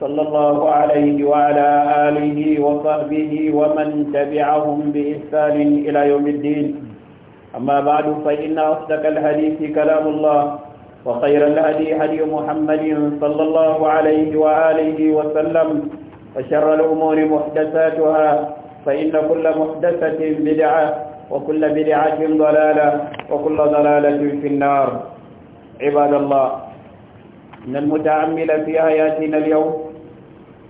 صلى الله عليه وعلى آله وصحبه ومن تبعهم بإحسان إلى يوم الدين أما بعد فإن أصدق الحديث كلام الله وخير الهدي هدي محمد صلى الله عليه وآله وسلم وشر الأمور محدثاتها فإن كل محدثة بدعة وكل بدعة ضلالة وكل ضلالة في النار عباد الله إن المتأمل في آياتنا اليوم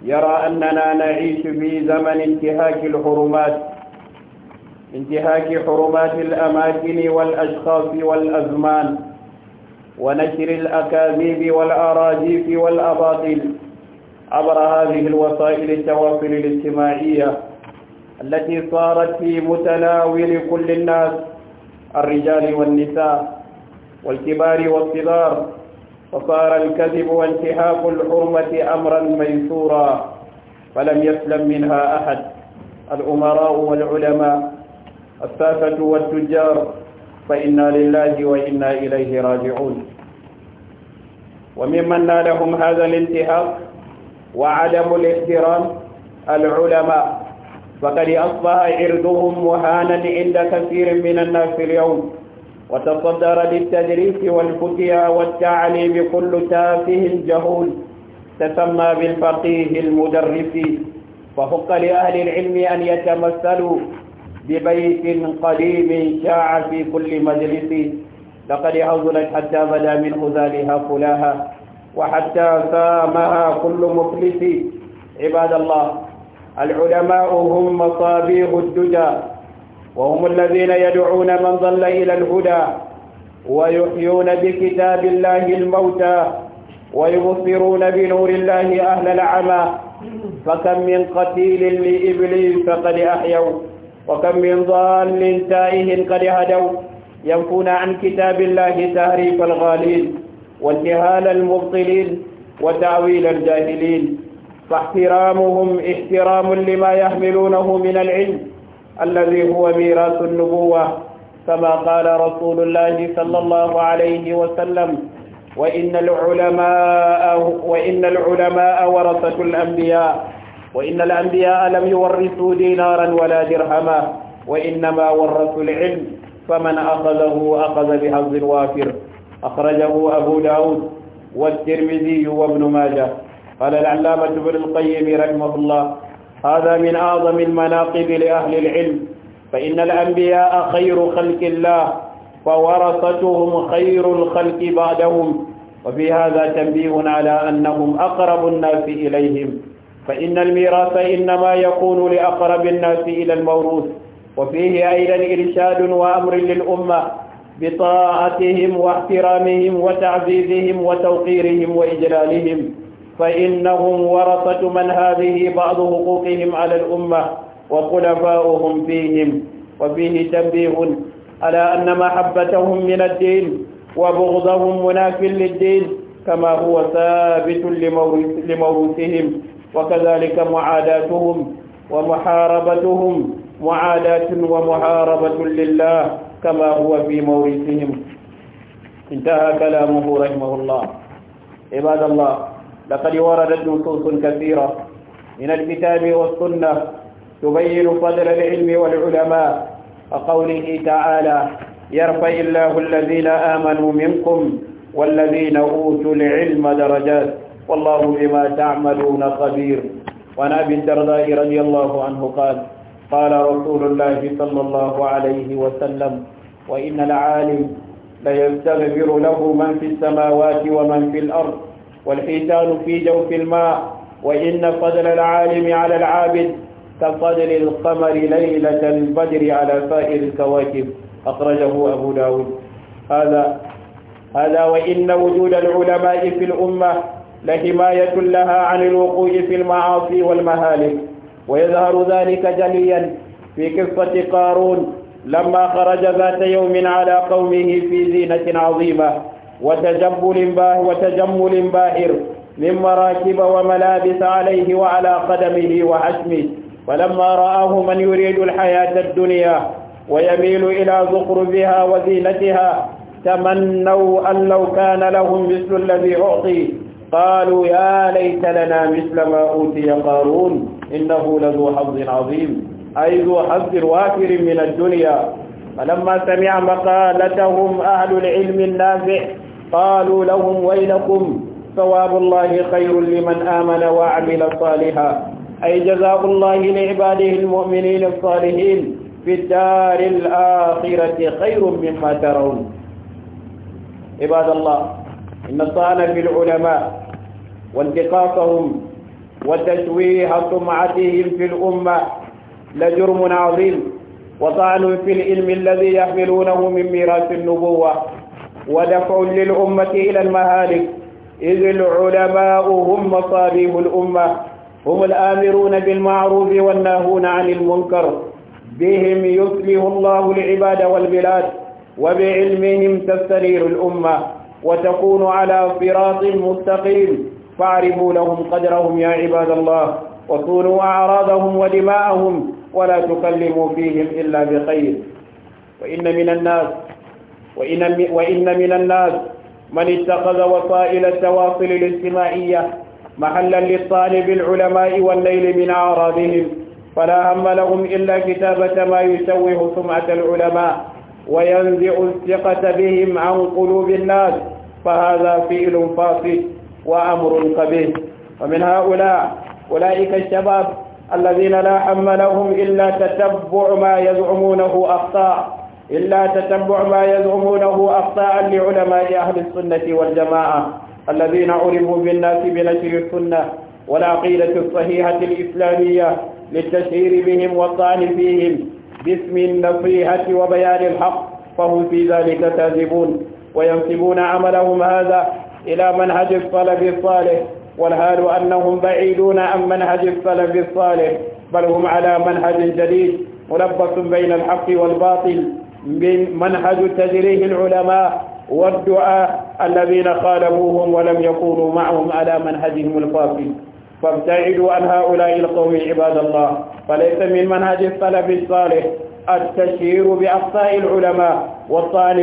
يرى أننا نعيش في زمن انتهاك الحرمات انتهاك حرمات الأماكن والأشخاص والأزمان ونشر الأكاذيب والأراجيف والأباطيل عبر هذه الوسائل التواصل الاجتماعية التي صارت في متناول كل الناس الرجال والنساء والكبار والصغار فصار الكذب وانتهاك الحرمة أمرا ميسورا فلم يسلم منها أحد الأمراء والعلماء السافة والتجار فإنا لله وإنا إليه راجعون وممن نالهم هذا الانتهاك وعدم الاحترام العلماء فقد أصبح عرضهم مهانا عند كثير من الناس اليوم وتصدر للتدريس والفتيا والتعليم كل تافه جهول تسمى بالفقيه المدرس فحق لأهل العلم أن يتمثلوا ببيت قديم شاع في كل مجلس لقد هزلت حتى بدا من هزالها فلاها وحتى سامها كل مفلس عباد الله العلماء هم مصابيح الدجى وهم الذين يدعون من ضل إلى الهدى ويحيون بكتاب الله الموتى ويبصرون بنور الله أهل العمى فكم من قتيل لإبليس قد أحيوا وكم من ضال تائه قد هدوا ينفون عن كتاب الله تهريف الغالين وانتهال المبطلين وتعويل الجاهلين فاحترامهم احترام لما يحملونه من العلم الذي هو ميراث النبوة كما قال رسول الله صلى الله عليه وسلم وإن العلماء, وإن العلماء ورثة الأنبياء وإن الأنبياء لم يورثوا دينارا ولا درهما وإنما ورثوا العلم فمن أخذه أخذ بحظ وافر أخرجه أبو داود والترمذي وابن ماجه قال العلامة ابن القيم رحمه الله هذا من أعظم المناقب لأهل العلم فإن الأنبياء خير خلق الله فورثتهم خير الخلق بعدهم وفي هذا تنبيه على أنهم أقرب الناس إليهم فإن الميراث إنما يكون لأقرب الناس إلى الموروث وفيه أيضا إرشاد وأمر للأمة بطاعتهم واحترامهم وتعزيزهم وتوقيرهم وإجلالهم فإنهم ورثة من هذه بعض حقوقهم على الأمة وخلفاؤهم فيهم وفيه تنبيه على أن محبتهم من الدين وبغضهم مناف للدين كما هو ثابت لموروثهم وكذلك معاداتهم ومحاربتهم معاداة ومحاربة لله كما هو في مورثهم انتهى كلامه رحمه الله عباد الله لقد وردت نصوص كثيرة من الكتاب والسنة تبين فضل العلم والعلماء وقوله تعالى يرفع الله الذين آمنوا منكم والذين أوتوا العلم درجات والله بما تعملون خبير وعن أبي الدرداء رضي الله عنه قال قال رسول الله صلى الله عليه وسلم وإن العالم ليستغفر له من في السماوات ومن في الأرض والحيتان في جوف الماء وإن فضل العالم على العابد كفضل القمر ليلة البدر على سائر الكواكب أخرجه أبو داود هذا هذا وإن وجود العلماء في الأمة لحماية لها عن الوقوع في المعاصي والمهالك ويظهر ذلك جليا في قصة قارون لما خرج ذات يوم على قومه في زينة عظيمة وتجبل باهر وتجمل باهر من مراكب وملابس عليه وعلى قدمه وحشمه فلما رآه من يريد الحياة الدنيا ويميل إلى زخرفها وزينتها تمنوا أن لو كان لهم مثل الذي أعطي قالوا يا ليت لنا مثل ما أوتي قارون إنه لذو حظ عظيم أي ذو حظ وافر من الدنيا فلما سمع مقالتهم أهل العلم النافع قالوا لهم ويلكم ثواب الله خير لمن آمن وعمل صالحا أي جزاء الله لعباده المؤمنين الصالحين في الدار الآخرة خير مما ترون عباد الله إن الطعن في العلماء وانتقاصهم وتشويه سمعتهم في الأمة لجرم عظيم وطعن في العلم الذي يحملونه من ميراث النبوة ودفع للأمة إلى المهالك إذ العلماء هم مصابيح الأمة هم الآمرون بالمعروف والناهون عن المنكر بهم يصلح الله العباد والبلاد وبعلمهم تستنير الأمة وتكون على صراط مستقيم فاعرفوا لهم قدرهم يا عباد الله وصونوا أعراضهم ودماءهم ولا تكلموا فيهم إلا بخير وإن من الناس وإن, وإن من الناس من اتخذ وسائل التواصل الاجتماعية محلا للطالب العلماء والليل من أعراضهم فلا هم لهم إلا كتابة ما يشوه سمعة العلماء وينزع الثقة بهم عن قلوب الناس فهذا فئل فاسد وأمر قبيح ومن هؤلاء أولئك الشباب الذين لا هم لهم إلا تتبع ما يزعمونه أخطاء إلا تتبع ما يزعمونه أخطاء لعلماء أهل السنة والجماعة الذين أرموا بالناس بنشر السنة والعقيدة الصحيحة الإسلامية للتشهير بهم والطعن فيهم باسم النصيحة وبيان الحق فهم في ذلك كاذبون وينسبون عملهم هذا إلى منهج الطلب الصالح والحال أنهم بعيدون عن منهج الطلب الصالح بل هم على منهج جديد ملبس بين الحق والباطل من منهج تجريه العلماء والدعاء الذين خالفوهم ولم يكونوا معهم على منهجهم الفاصل فابتعدوا عن هؤلاء القوم عباد الله فليس من منهج السلف الصالح التشهير بأخطاء العلماء والطعن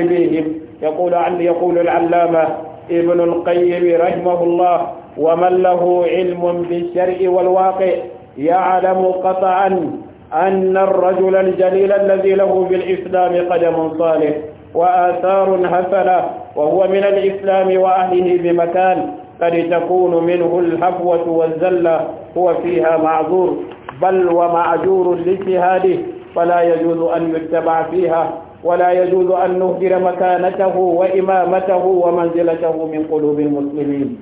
يقول عن يقول العلامة ابن القيم رحمه الله ومن له علم بالشرع والواقع يعلم قطعا أن الرجل الجليل الذي له في الإسلام قدم صالح وآثار حسنة وهو من الإسلام وأهله بمكان قد تكون منه الحفوة والزلة هو فيها معذور بل ومعجور لاجتهاده فلا يجوز أن يتبع فيها ولا يجوز أن نهدر مكانته وإمامته ومنزلته من قلوب المسلمين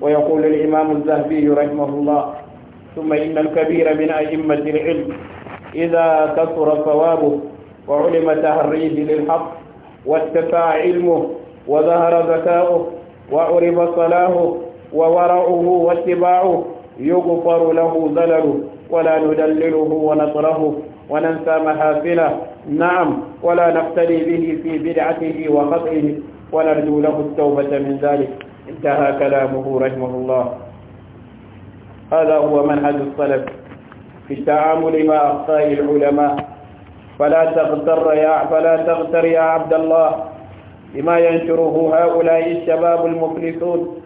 ويقول الإمام الذهبي رحمه الله ثم إن الكبير من أئمة العلم إذا كثر ثوابه وعلم تهريه للحق واتسع علمه وظهر ذكاؤه وعرف صلاه وورعه واتباعه يغفر له زلله ولا ندلله ونطره وننسى محافله نعم ولا نقتدي به في بدعته وخطئه ونرجو له التوبة من ذلك انتهى كلامه رحمه الله هذا هو منهج السلف في التعامل مع أخطاء العلماء فلا تغتر يا فلا تغتر يا عبد الله بما ينشره هؤلاء الشباب المفلسون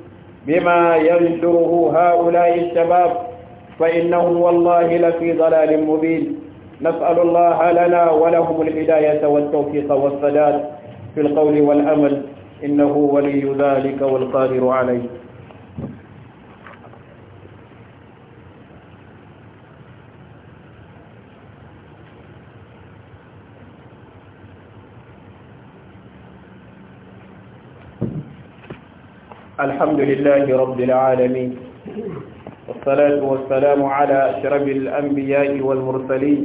بما ينشره هؤلاء الشباب فإنهم والله لفي ضلال مبين نسأل الله لنا ولهم الهداية والتوفيق والسداد في القول والأمل إنه ولي ذلك والقادر عليه الحمد لله رب العالمين والصلاة والسلام على أشرف الأنبياء والمرسلين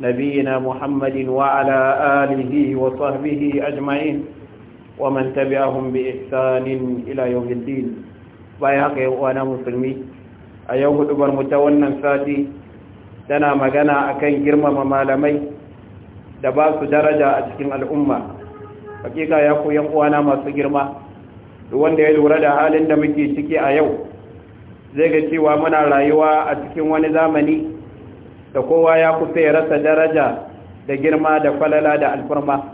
نبينا محمد وعلى آله وصحبه أجمعين ومن تبعهم بإحسان إلى يوم الدين بايحق وأنا مسلمي أيوه دبر متونا ساتي tana magana akan girmama malamai da ba su daraja a cikin al'umma hakika ya ku yan uwana masu girma wanda ya lura da halin da muke ciki a yau zai ga cewa muna rayuwa a cikin wani zamani da kowa ya kusa ya rasa daraja da girma da falala da alfarma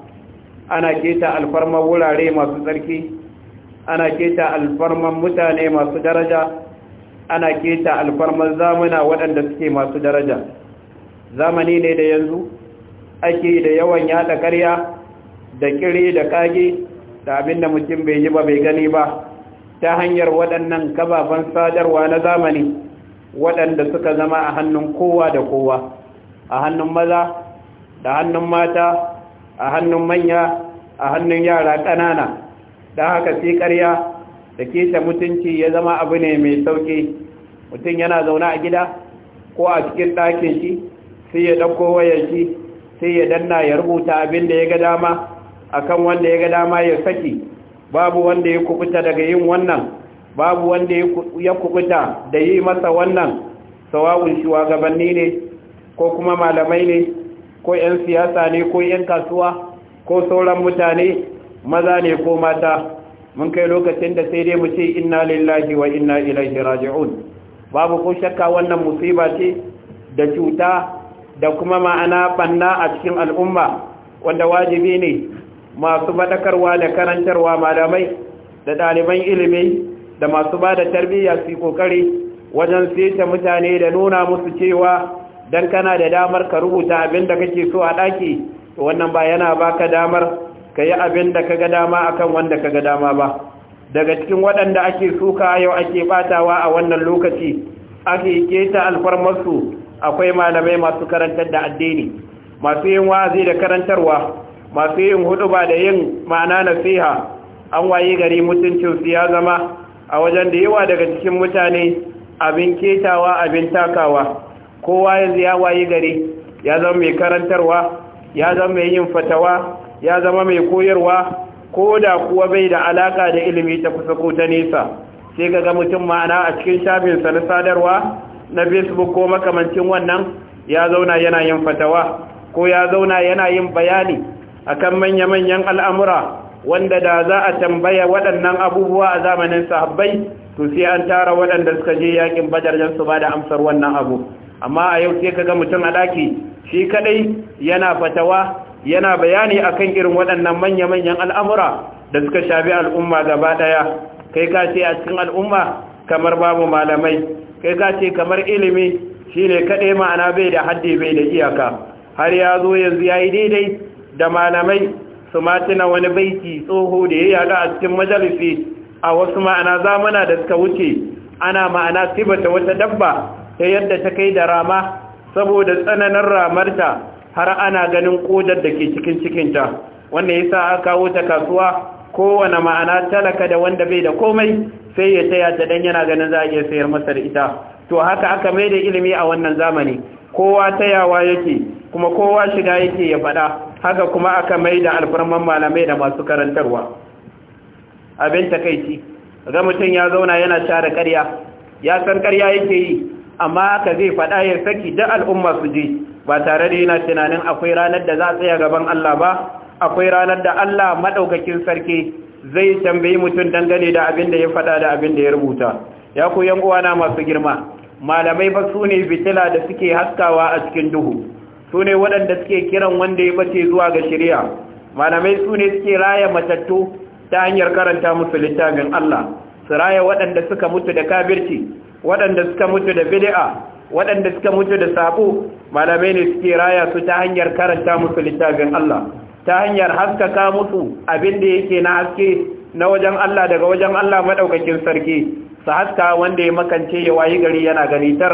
ana keta alfarman wurare masu tsarki ana keta alfarman mutane masu daraja ana keta alfarma zamuna waɗanda suke masu daraja zamani ne da yanzu ake da yawan yada karya da kiri da kage da abin da mutum bai ji ba bai gani ba ta hanyar waɗannan kababan sadarwa na zamani waɗanda suka zama a hannun kowa da kowa a hannun maza da hannun mata a hannun manya a hannun yara ƙanana da haka sai ƙarya da keta mutunci ya zama abu ne mai sauƙi mutum yana zaune a gida ko a cikin ɗakin shi sai ya ɗauko wayar shi sai ya danna ya rubuta abin da ya ga dama akan wanda ya ga dama ya saki babu wanda ya kubuta daga yin wannan babu wanda ya kubuta da yi masa wannan sawa'un shugabanni ne ko kuma malamai ne ko 'yan siyasa ne ko 'yan kasuwa ko sauran mutane maza ne ko mata mun kai lokacin da sai dai mu ce inna lillahi wa inna ilaihi raji'un babu ko shakka wannan musiba ce da cuta da kuma ma'ana banna a cikin al'umma wanda wajibi ne masu baɗakarwa da karantarwa malamai da ɗaliban ilimi da masu ba da tarbiyya su kokari wajen seta mutane da nuna musu cewa don kana da damar ka rubuta abin da kake so a ɗaki to wannan ba yana baka damar ka yi abin da kaga dama akan wanda kaga dama ba daga cikin waɗanda ake suka yau ake batawa a wannan lokaci ake keta alfarmarsu akwai malamai masu karantar da addini masu yin wa'azi da karantarwa masu yin hudu ba da yin ma'ana nasiha an waye gari mutuncinsu ya zama a wajen da yawa daga cikin mutane abin ketawa abin takawa kowa yanzu ya waye gari ya zama mai karantarwa ya zama mai yin fatawa ya zama mai koyarwa ko da kuwa bai da alaka da ilimi ta kusa ko ta nesa sai ga mutum ma'ana a cikin shafinsa na sadarwa na facebook ko makamancin wannan ya zauna yana yin fatawa ko ya zauna yana yin bayani akan manya-manyan al'amura wanda da za a tambaya waɗannan abubuwa a zamanin sahabbai to sai an tara waɗanda suka je yakin badar su ba da amsar wannan abu amma a yau sai ka ga mutum a ɗaki shi kaɗai yana fatawa yana bayani akan irin waɗannan manya-manyan al'amura da suka shafi al'umma gaba ɗaya kai ka ce a cikin al'umma kamar babu malamai kai ka ce kamar ilimi shi ne kaɗai ma'ana bai da haddi bai da iyaka har ya zo yanzu ya yi daidai da malamai su matina wani baiti tsoho da ya yada a cikin majalisi a wasu ma'ana zamana da suka wuce ana ma'ana tibata wata dabba ta yadda ta kai da rama saboda tsananin ramarta har ana ganin kodar da ke cikin cikinta wanda ya sa aka kawo ta kasuwa kowane ma'ana talaka da wanda bai da komai sai ya taya ta dan yana ganin za a iya sayar masa da ita to haka aka mai da ilimi a wannan zamani kowa tayawa yake kuma kowa shiga yake ya faɗa haka kuma aka mai da alfarman malamai da masu karantarwa abin takaici ga mutum ya zauna yana share karya ya san karya yake yi amma ka zai faɗa ya saki da al'umma su je. ba tare da yana tunanin akwai ranar da za a tsaya gaban Allah ba akwai ranar da Allah maɗaukakin sarki zai tambayi mutum dangane da abin da ya faɗa da abin da ya rubuta ya ku yan uwana masu girma malamai ba su ne fitila da suke haskawa a cikin duhu su ne waɗanda suke kiran wanda ya bace zuwa ga shirya malamai su ne suke raya matattu ta hanyar karanta musu littafin Allah su raya waɗanda suka mutu da kabirci waɗanda suka mutu da bid'a waɗanda suka mutu da sabo malamai ne suke raya su ta hanyar karanta musu littafin Allah ta hanyar haskaka musu abin da yake na haske na wajen Allah daga wajen Allah madaukakin sarki su haska wanda ya makance ya wayi gari yana ganitar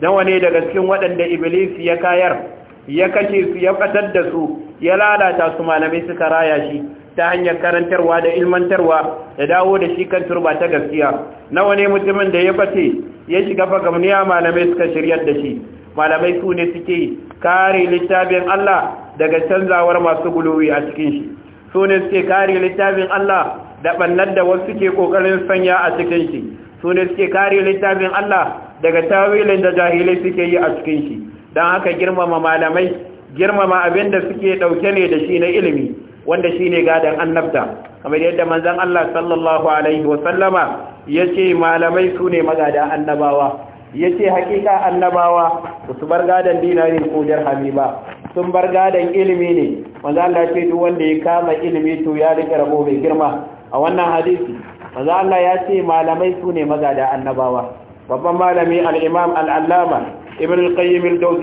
dan wane daga cikin waɗanda iblis ya kayar ya kashe su ya fatar da su ya lalata su malamai suka raya shi ta hanyar karantarwa da ilmantarwa da dawo da shi kan turba ta gaskiya nawa ne mutumin da ya fate ya shiga fagamniya malamai suka shiryar da shi malamai su ne suke kare littafin Allah daga canzawar masu guluwi a cikin shi su ne suke kare littafin Allah da bannar da wasu ke kokarin sanya a cikin shi su ne suke kare littafin Allah daga tawilin da jahilai suke yi a cikin shi don haka girmama malamai girmama abin da suke ɗauke ne da shi na ilimi wanda shi ne gadon annabta kamar yadda manzan Allah sallallahu Alaihi wasallama ya yace malamai su ne magada annabawa ya ce hakika annabawa su bar gadon dinari ko jarhami ba sun bar gadon ilimi ne manzan Allah ce duk wanda ya kama ilimi to ya rike rabo mai girma a wannan hadisi manzan Allah ya ce malamai su ne magada annabawa babban malami al-imam al-allama ibn al-qayyim al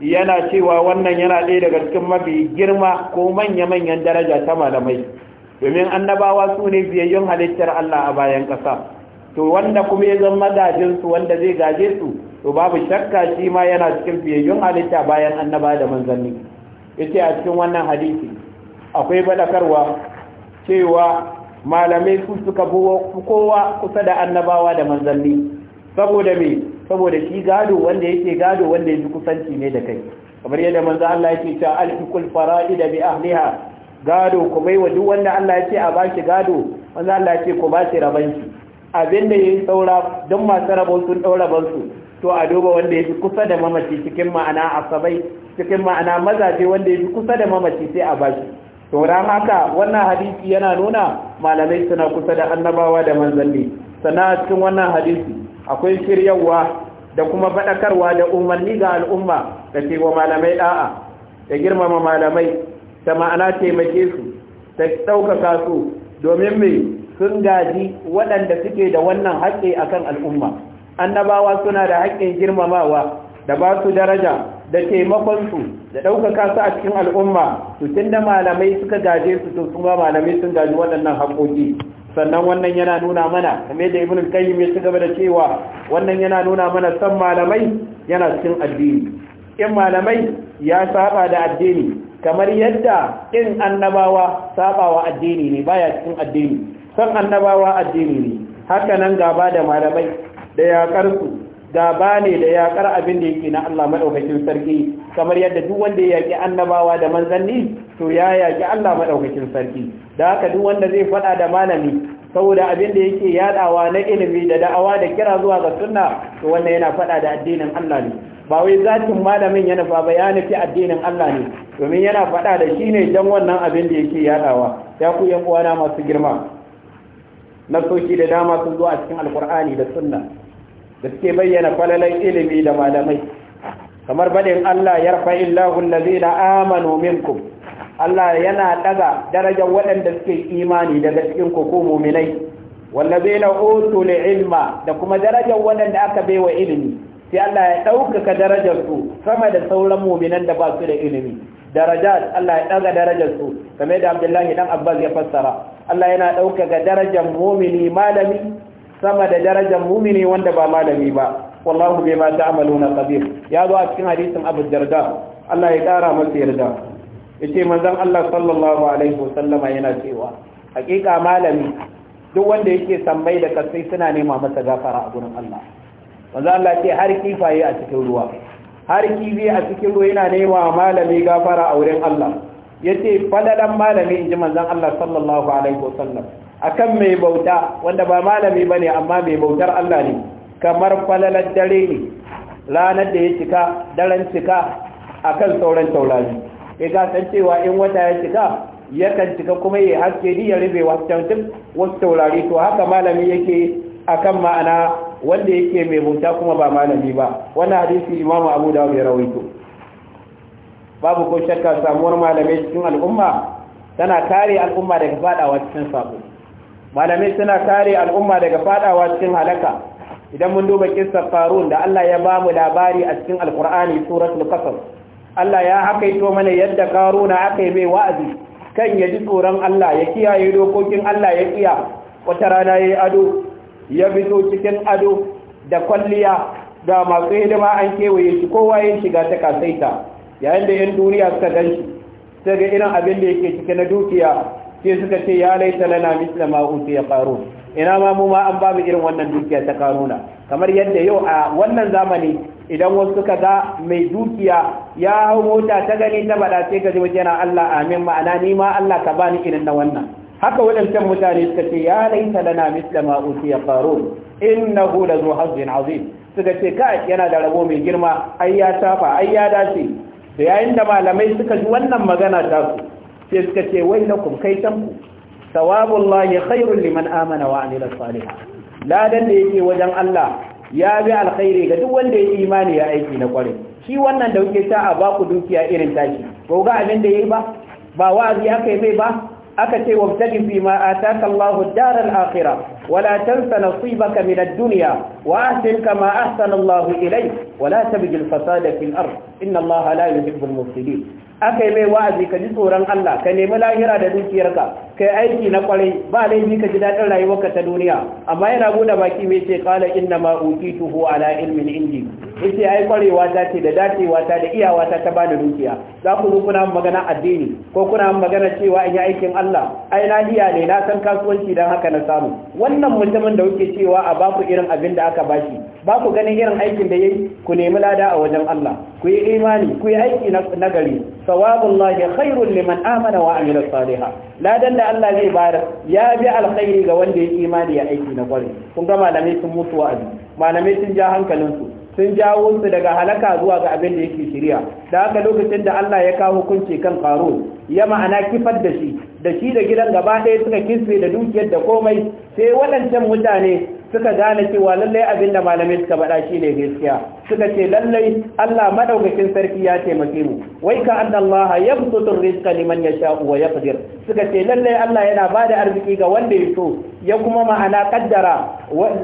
yana cewa wannan yana ɗaya daga cikin mafi girma ko manya-manyan daraja ta malamai domin annabawa su ne biyayyun halittar Allah a bayan ƙasa to wanda kuma ya zama su wanda zai gaje su to babu shakka shi ma yana cikin biyayyun halitta bayan annaba da manzanni yace a cikin wannan hadisi akwai badakarwa cewa malamai su suka kowa kusa da annabawa da manzanni saboda me saboda shi gado wanda yake gado wanda yake kusanci ne da kai kamar yadda manzo Allah yake cewa alfikul fara'ida bi ahliha gado ku wa duk wanda Allah yake a baki gado manzo Allah yake ku baki rabanci abinda yayi saura don masu rabon sun daura su to a duba wanda yake kusa da mamaci cikin ma'ana asabai cikin ma'ana mazaje wanda yake kusa da mamaci sai a baki. to ran haka wannan hadisi yana nuna malamai suna kusa da annabawa da manzanni Sana'a cikin wannan hadisi akwai shiryawa da kuma faɗakarwa da umarni ga al'umma da ce malamai ɗa'a da girmama malamai ta ma'ana taimake su ta ɗaukaka su domin mai sun gaji waɗanda suke da wannan haƙƙi kan al'umma annabawa suna da haƙƙin girmamawa da ba su daraja da taimakonsu da ɗaukaka su a cikin al'umma su tun da malamai suka gaje su to kuma malamai sun gaji waɗannan haƙƙoƙi sannan wannan yana nuna mana kamar yadda ibnul kayyim ya ci gaba da cewa wannan yana nuna mana san malamai yana cikin addini in malamai ya saba da addini kamar yadda in annabawa sabawa addini ne baya cikin addini san annabawa addini ne haka nan gaba da malamai da yakar gaba ne da yakar abin da yake na Allah madaukakin sarki kamar yadda duk wanda ya yaki annabawa da manzanni to ya yaki Allah madaukakin sarki da haka duk wanda zai faɗa da malami saboda abin da yake yadawa na ilimi da da'awa da kira zuwa ga sunna to wannan yana fada da addinin Allah ne ba wai zatin malamin yana fa ba ya nufi addinin Allah ne domin yana faɗa da shi ne dan wannan abin da yake yaɗawa. ya ku yan uwana masu girma na soki da dama sun zo a cikin alkur'ani da sunna da suke bayyana falalan ilimi da malamai kamar baɗin Allah ya rafa illahu amanu minku Allah yana daga darajar waɗanda suke imani daga cikin ku ko mu'minai na utul ilma da kuma darajar waɗanda aka baiwa ilimi sai Allah ya ɗaukaka darajar su sama da sauran mu'minan da ba su da ilimi darajat Allah ya daga darajar su kamar da Abdullahi dan Abbas ya fassara Allah yana ɗaukaka darajar mu'mini malami sama da darajar mumini wanda ba malami ba wallahu bima ta'maluna qadir ya zo a cikin hadisin Abu Darda Allah ya kara masa yarda yace manzon Allah sallallahu alaihi wasallama yana cewa hakika malami duk wanda yake sambai da kasai suna nema masa gafara a gurin Allah manzon Allah ce har kifaye a cikin ruwa har kifi a cikin ruwa yana nema malami gafara a wurin Allah yace fadalan malami inji manzon Allah sallallahu alaihi wasallama akan mai bauta wanda ba malami bane amma mai bautar Allah ne kamar falalar dare ne ranar da ya cika daren cika akan sauran taurari ya ga san cewa in wata ya cika yakan cika kuma ya haske ni ya rube wasu taurari to haka malami yake akan ma'ana wanda yake mai bauta kuma ba malami ba wani hadisi imamu abu da ya rawaito babu ko shakka samuwar malamai cikin al'umma tana kare al'umma daga faɗawa cikin sabo malamai suna kare al'umma daga fadawa cikin halaka idan mun duba kissar farun da Allah ya ba mu labari a cikin alkur'ani suratul qasas Allah ya hakaito mana yadda karuna aka yi mai wa'azi kan ya ji tsoron Allah ya kiyaye dokokin Allah ya kiya wata rana yayi ado ya fito cikin ado da kwalliya da masu hidima an kewaye shi kowa ya shiga ta kasaita yayin da yan duniya suka ganshi sai ga irin abin da yake cike na dukiya sai suka ce ya laita lana misla ma ya qarun ina ma mu ma an ba mu irin wannan dukiya ta karuna kamar yadda yau a wannan zamani idan wasu suka ga mai dukiya ya hau mota ta gani ta bada sai ka ji wajen Allah amin ma'ana ni ma Allah ka bani irin na wannan haka waɗancan mutane suka ce ya laita lana misla ma utiya qarun innahu la zu hazzin azim suka ce kai yana da rabo mai girma ai ya tafa ai ya dace da yayin da malamai suka ji wannan magana ta su sai suka ce wai lakum kai tanku sawabullahi khairul liman amana wa da saliha ladan da yake wajen Allah ya bi alkhairi ga duk wanda ya imani ya aiki na kware shi wannan da kuke sa a baku dukiya irin tashi ko ga abin da yayi ba ba wa'azi aka yi mai ba aka ce wabtagi fi ma ataka Allahu daral akhirah wala tansa ka min duniya. dunya wa ahsin kama ahsana Allahu ilai. wala tabghi al-fasada fil ard inna Allaha la yuhibbu al Aka akai mai wa'azi ka ji tsoron Allah ka nemi lahira da dukiyarka kai aiki na kwarai ba laifi ka ji daɗin rayuwarka ta duniya amma yana buɗe baki mai ce kala inna ma utituhu ala ilmin indi yace ai kwarewa ta ce da dacewa ta da iyawa ta ta bani dukiya za ku zo kuna magana addini ko kuna magana cewa in yi aikin Allah ai na iya ne na san kasuwanci dan haka na samu wannan mutumin da kuke cewa a baku irin abin da aka bashi ba ku ganin irin aikin da yayi ku nemi lada a wajen Allah ku yi imani ku yi aiki na gari sawabullahi khairul liman amana wa amila salihah ladan da Allah zai bayar ya bi alkhairi ga wanda ya yi imani ya aiki na kwari kun ga malamai sun mutu wa wa'azi malamai sun ja hankalinsu sun jawo su daga halaka zuwa ga abin da yake shirya da haka lokacin da Allah ya kawo hukunci kan karo ya ma'ana kifar da shi da shi da gidan gaba ɗaya suka kisfe da dukiyar da komai sai waɗancan mutane suka gane cewa lallai abin da malamai suka faɗa shi ne gaskiya suka ce lallai Allah maɗaukakin sarki ya taimake mu wai ka anna Allah yabsutu rizqa liman sha'u wa fadir suka ce lallai Allah yana bada arziki ga wanda ya so ya kuma ma'ana kaddara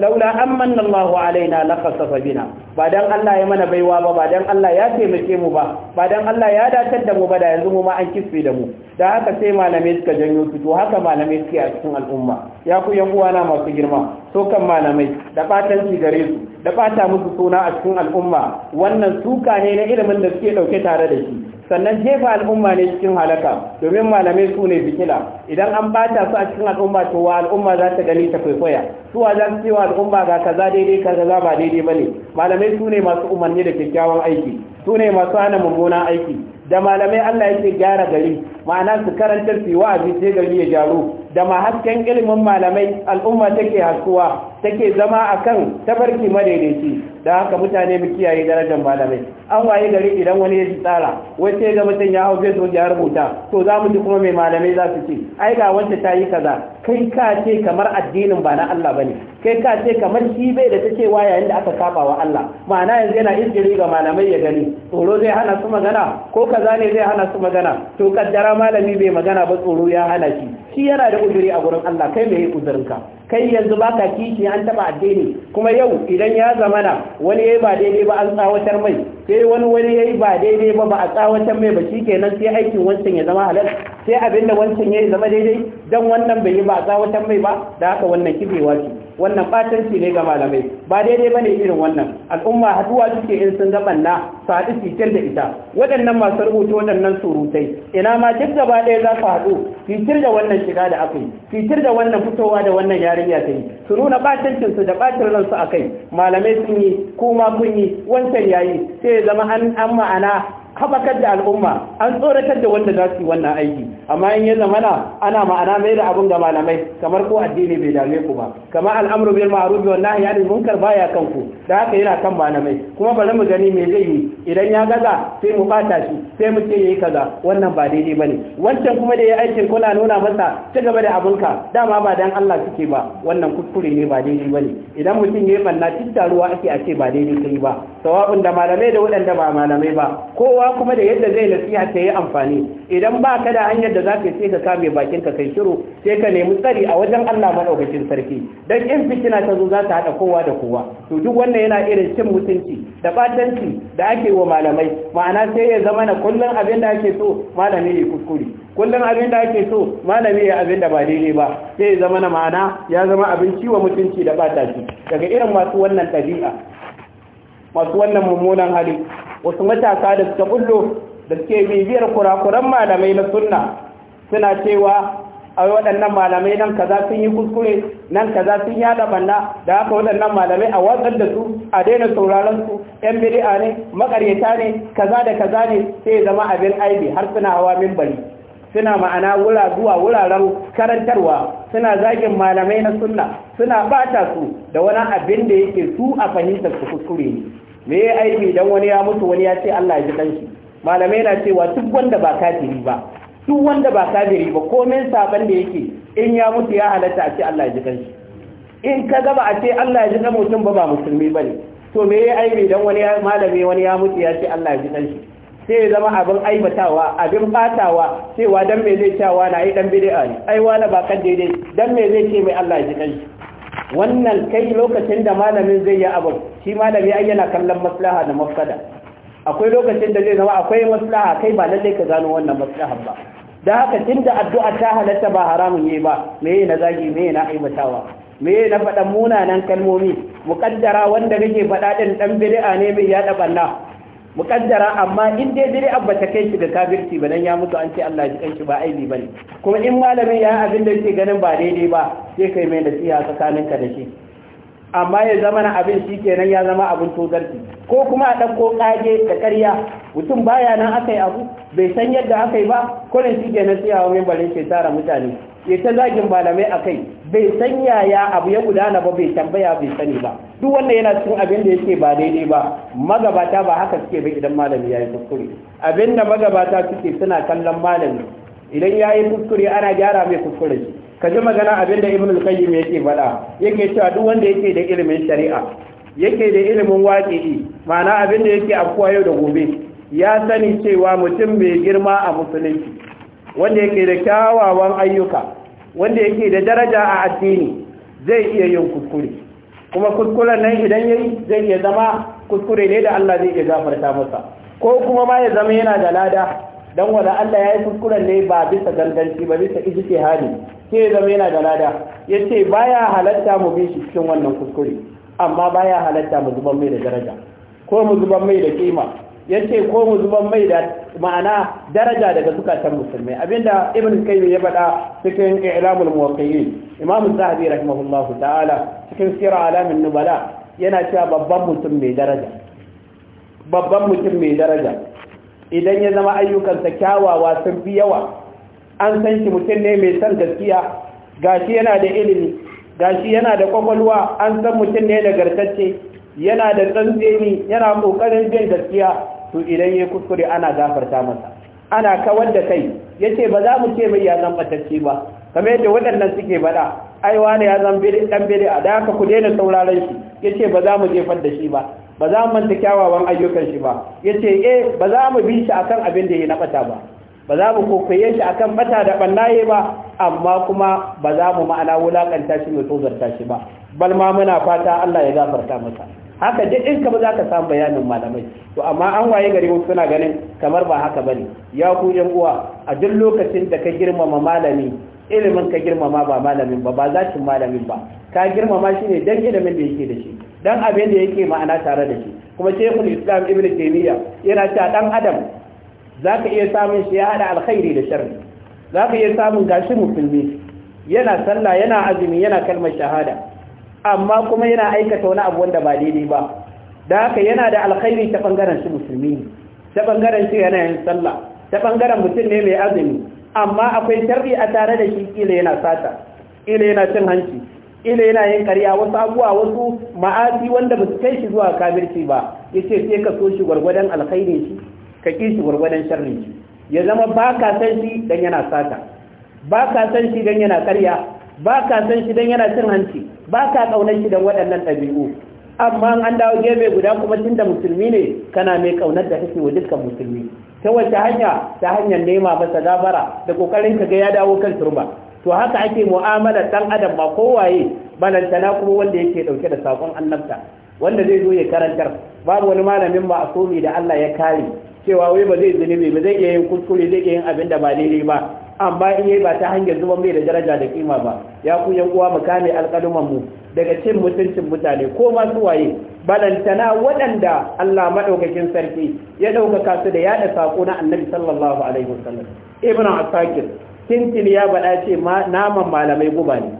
laula amanna Allah alaina laqasafa bina ba dan Allah ya mana baiwa ba ba dan Allah ya taimake mu ba ba dan Allah ya datar da mu ba da yanzu mu ma an kisfe da mu mu da haka sai malamai suka janyo su to haka malamai suke a cikin al'umma ya ku yan uwana masu girma kan malamai da batanci gare su da bata musu suna a cikin al'umma wannan suka ne na ilimin da suke dauke tare da shi sannan jefa al'umma ne cikin halaka domin malamai su ne bikila idan an bata su a cikin al'umma to wa al'umma za ta gani ta kwaikwaya wa za su wa al'umma ga kaza daidai kaza ba daidai bane malamai su ne masu umarni da kyakkyawan aiki su ne masu hana mummunan aiki da malamai Allah yake gyara gari ma'ana su karantar su yi wa'azi sai gari ya jaru da ma hasken ilimin malamai al'umma take haskuwa take zama a akan tabarki madaidaici da haka mutane mu kiyaye darajar malamai an waye gari idan wani ya ji tsara wai sai ga mutum ya hau facebook ya rubuta to za mu ji kuma mai malamai za su ce ai ga wanda ta yi kaza kai ka ce kamar addinin ba na Allah bane kai ka ce kamar shi bai da take wa yayin da aka saba wa Allah ma'ana yanzu yana injiri ga malamai ya gani tsoro zai hana su magana ko kaza ne zai hana su magana to kaddara malami bai magana ba tsoro ya hana shi shi yana da uzuri a gurin Allah kai me yi uzurinka kai yanzu baka kishi an taba addini kuma yau idan ya zamana wani yayi ba daidai ba an tsawatar mai sai wani wani yayi ba daidai ba ba a tsawatar mai ba kenan sai aikin wancan ya zama halal sai abinda wancan yayi zama daidai dan wannan bai yi ba a tsawatar mai ba da haka wannan kibewa ce wannan batanci ne ga malamai ba daidai bane irin wannan al'umma haduwa suke in sun ga banna su haɗu fitar da ita waɗannan masu rubuta waɗannan surutai ina ma duk gaba ɗaya za su haɗu fitar da wannan shiga da aka yi fitar da wannan fitowa da wannan yarinya ta yi su nuna batancin su da batir ransu a kai malamai sun yi kuma kun yi wancan yayi sai zama an ma'ana haɓakar da al'umma an tsoratar da wanda za su yi wannan aiki amma in ya zamana ana ma'ana mai da abin da malamai kamar ko addini bai dame ku ba kamar al'amru bil ma'ruf wa nahyi anil munkar baya kan ku da haka yana kan malamai kuma bari mu gani me zai yi idan ya gaza sai mu fata shi sai mu ce yayi kaza wannan ba daidai bane wancan kuma da ya aikin kuna nuna masa ci gaba da ka. dama ba dan Allah kike ba wannan kuskure ne ba daidai bane idan mutum ya yi banna cikin ake a ce ba daidai kai ba sawabin da malamai da waɗanda ba malamai ba kowa kowa kuma da yadda zai nasiha ta yi amfani idan ba ka da hanyar da za ka sai ka kame bakin ka kai shiru sai ka nemi tsari a wajen Allah madaukakin sarki dan in fitina ta zo za ta hada kowa da kowa to duk wannan yana irin cin mutunci da batanci da ake wa malamai ma'ana sai ya zama na kullun abin da ake so malami ya kuskure kullun abin da ake so malami ya abin da ba daidai ba sai ya zama na ma'ana ya zama abin ciwo mutunci da bata daga irin masu wannan ɗabi'a masu wannan mummunan hali wasu matasa da suka bullo da suke bibiyar kurakuran malamai na sunna suna cewa a waɗannan malamai nan kaza sun yi kuskure nan kaza sun yada banna da haka waɗannan malamai a watsar da su a daina sauraron su yan bidi'a ne makaryata ne kaza da kaza ne sai zama abin aibi har suna hawa bari, suna ma'ana wura zuwa wuraren karantarwa suna zagin malamai na sunna suna bata su da wani abin da yake su a fahimtar su kuskure ne me ya aiki dan wani ya mutu wani ya ce Allah ya ji malamai na cewa duk wanda ba kafiri ba duk wanda ba kafiri ba komai saban da yake in ya mutu ya halatta a ce Allah ya ji in ka gaba a ce Allah ya ji ɗan mutum ba ba musulmi ba ne. to me ya aiki dan wani ya malami wani ya mutu ya ce Allah ya ji sai ya zama abin aibatawa abin batawa cewa dan me zai cewa na yi dan bid'a ne ai wani ba kan daidai dan me zai ce mai Allah ya ji wannan kai lokacin da malamin zai yi abu shi malami ai yana kallon maslaha da mafsada akwai lokacin da zai zama akwai maslaha kai ba lallai ka gano wannan maslaha ba da haka tunda addu'a ta halatta ba haramun yi ba meye na zagi meye na aibatawa meye na faɗan munanan kalmomi muƙaddara wanda kake faɗa ɗin ɗan bid'a ne mai yaɗa ɓanna Mukaddara amma in dai dare abba ta kai shi ga kafirci ba nan ya mutu an ce Allah ji kanki ba aibi ne. kuma in malamin ya abin da yake ganin ba daidai ba sai kai mai nasiha ka da shi amma ya zama na abin shi kenan ya zama abin tozarci ko kuma a ɗauko ƙage da ƙarya mutum baya nan aka yi abu bai san yadda aka yi ba kullum shi kenan sai hawa mimbarin ke tara mutane ya ta zagin malamai a kai bai san yaya abu ya gudana ba bai tambaya bai sani ba duk wanda yana cikin abin da yake ba daidai ba magabata ba haka suke ba idan malami ya yi kuskure abin da magabata suke suna kallon malami idan ya yi kuskure ana gyara mai kuskure ka ji magana abin da ibn al-qayyim yake faɗa yake cewa duk wanda yake da ilimin shari'a yake da ilimin waƙi'i ma'ana abin da yake afkuwa yau da gobe ya sani cewa mutum mai girma a musulunci wanda yake da kyawawan ayyuka wanda yake da daraja a addini zai iya yin kuskure kuma kuskuren nan idan yayi zai iya zama kuskure ne da Allah zai iya gafarta masa ko kuma ma ya zama yana da lada dan wanda Allah ya yi kuskuren ne ba bisa ganganci ba bisa hali sai ya zama yana da lada Ya ba baya halatta mu bi shi cikin wannan kuskure amma baya halatta mu zuban mai da daraja ko mu zuban mai da kima ce ko mu zuban mai da ma'ana daraja daga zukatan musulmai abinda ibn kayyim ya faɗa cikin i'lamul muwaqqi'in imam zahabi rahimahullahu ta'ala cikin sirar alamin nubala yana cewa babban mutum mai daraja babban mutum mai daraja idan ya zama ayyukansa kyawawa sun fi yawa an san shi mutum ne mai san gaskiya gashi yana da ilimi gashi yana da kwakwalwa an san mutum ne da gartacce yana da tsantseni yana kokarin jin gaskiya to idan ya kuskure ana gafarta masa ana kawar da kai yace ba za mu ce mai ya zan batacce ba kamar yadda waɗannan suke bada ai wani ya zan biri dan biri a da ku daina sauraron shi yace ba za mu jefar da shi ba ba za mu manta kyawawan ayyukan shi ba yace eh ba za mu bi shi akan abin da yake na bata ba ba za mu kokaye shi akan bata da bannaye ba amma kuma ba za mu ma'ana wulakanta shi mu tozarta shi ba bal ma muna fata Allah ya gafarta masa haka duk in ka ba za ka samu bayanin malamai to amma an waye gari wasu suna ganin kamar ba haka bane ya ku yan uwa a duk lokacin da ka girmama malami ilimin ka girmama ba malamin ba ba zakin malamin ba ka girmama shi ne dan ilimin da yake da shi dan abin da yake ma'ana tare da shi kuma shekul islam ibn taymiya yana cewa dan adam zaka iya samun shi ya hada alkhairi da sharri ka iya samun gashi musulmi yana sallah yana azumi yana kalmar shahada amma kuma yana aikata wani abu wanda ba daidai ba da haka yana da alkhairi ta bangaren shi musulmi ta bangaren shi yana yin sallah ta bangaren mutum ne mai azumi amma akwai sharri a tare da shi kila yana sata kila yana cin hanci kila yana yin ƙarya wasu abuwa wasu ma'asi wanda ba su kai shi zuwa kamirci ba Ya ce sai ka so shi gwargwadon alkhairin shi ka ƙi shi gwargwadon sharri shi ya zama ba ka san shi dan yana sata ba ka san shi dan yana ƙarya ba ka san shi dan yana cin hanci ba ka ƙaunar shi dan waɗannan ɗabi'u amma an dawo gefe guda kuma tunda musulmi ne kana mai ƙaunar da kake wa dukkan musulmi ta wace hanya ta hanyar nema masa gabara da kokarin ka ga ya dawo kan turba to haka ake mu'amala dan adam ba kowaye na kuma wanda yake dauke da sakon annabta wanda zai zo ya karantar babu wani malamin ba asumi da Allah ya kare cewa wai ba zai zunubi ba zai iya yin kuskure zai iya yin abin da ba daidai ba amma in yayi ba ta hanyar zuban mai da daraja da kima ba ya ku yan uwa mu kame alƙaluman mu daga cin mutuncin mutane ko masu waye balantana waɗanda Allah maɗaukakin sarki ya ɗaukaka su da yaɗa saƙo na annabi sallallahu alaihi wasallam ibn asakir tintin ya baɗa ce naman malamai guba ne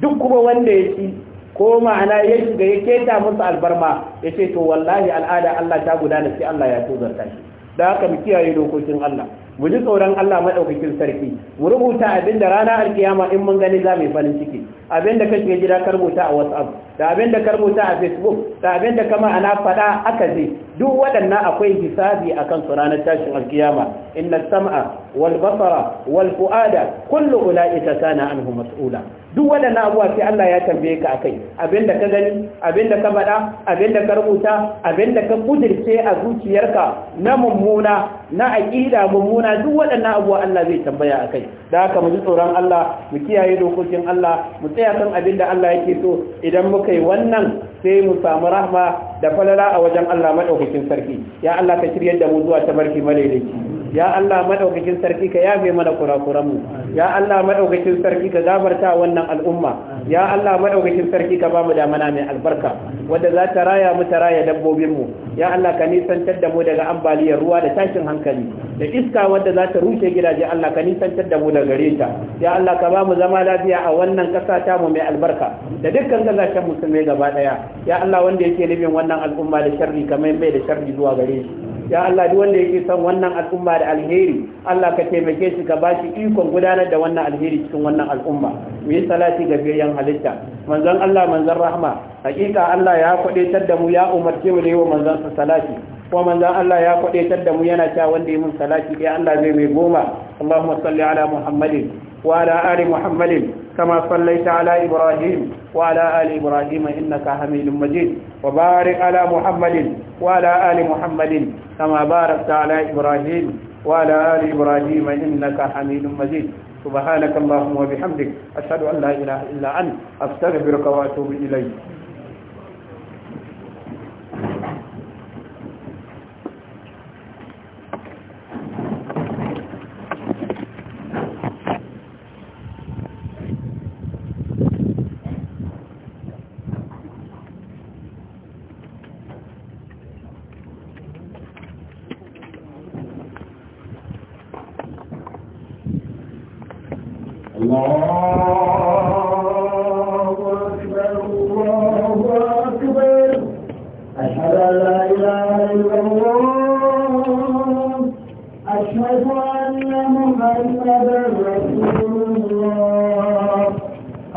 duk kuma wanda ya ci ko ma'ana ya shiga ya keta musu albarma ya ce to wallahi al'ada Allah ta gudana sai Allah ya tozarta shi da haka mu kiyaye dokokin Allah mu ji tsoron Allah maɗaukakin sarki mu rubuta abin da rana alkiyama in mun gani za mu yi farin ciki abin da ka shiga gida ka rubuta a WhatsApp da abin da ka rubuta a Facebook da abin da kama ana faɗa aka je duk waɗannan akwai hisabi akan kan ranar tashin alkiyama inna sam'a wal basara wal fuada kullu ulaita kana anhu mas'ula duk waɗannan abuwa sai Allah ya tambaye ka akai abinda ka gani abinda ka faɗa abinda ka rubuta abinda ka kudirce a zuciyarka na mummuna na aƙida mummuna masana duk waɗannan abuwa Allah zai tambaya a kai da haka mu ji tsoron Allah mu kiyaye dokokin Allah mu tsaya kan abin da Allah yake so idan muka yi wannan sai mu samu rahma da falala a wajen Allah maɗaukacin sarki ya Allah ka shirya da mu zuwa ta tabarki madaidaici ya Allah madaukakin sarki ka yafe mana kurakuranmu ya Allah madaukakin sarki ka gabarta wannan al'umma ya Allah madaukakin sarki ka bamu damana mai albarka wanda za ta raya mu ta raya dabbobinmu ya Allah ka nisantar da mu daga ambaliyar ruwa da tashin hankali da iska wanda za ta rushe gidaje Allah ka nisantar da mu da gare ta ya Allah ka bamu zama lafiya a wannan kasa ta mu mai albarka da dukkan kasashen musulmai gaba daya ya Allah wanda yake nufin wannan al'umma da sharri kamar mai da sharri zuwa gare shi ya Allah duk wanda yake son wannan al'umma da alheri Allah ka taimake shi ka ba shi ikon gudanar da wannan alheri cikin wannan al'umma mu yi salati ga biyan halitta manzon Allah manzon rahma hakika Allah ya kwadaitar da mu ya umarce mu da yi wa manzon sa salati kuma manzon Allah ya kwadaitar da mu yana cewa wanda ya mun salati ya eh Allah zai mai goma Allahumma salli ala Muhammadin وعلى آل محمد كما صليت على إبراهيم وعلى آل إبراهيم إنك حميد مجيد وبارك على محمد وعلى آل محمد كما باركت على إبراهيم وعلى آل إبراهيم إنك حميد مجيد سبحانك اللهم وبحمدك أشهد أن لا إله إلا أنت أستغفرك وأتوب إليك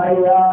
Yeah.